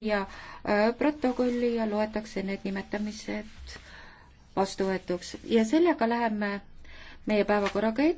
ja äh, protokolli ja loetakse need nimetamised vastuvõetuks ja sellega läheme meie päevakorraga edasi.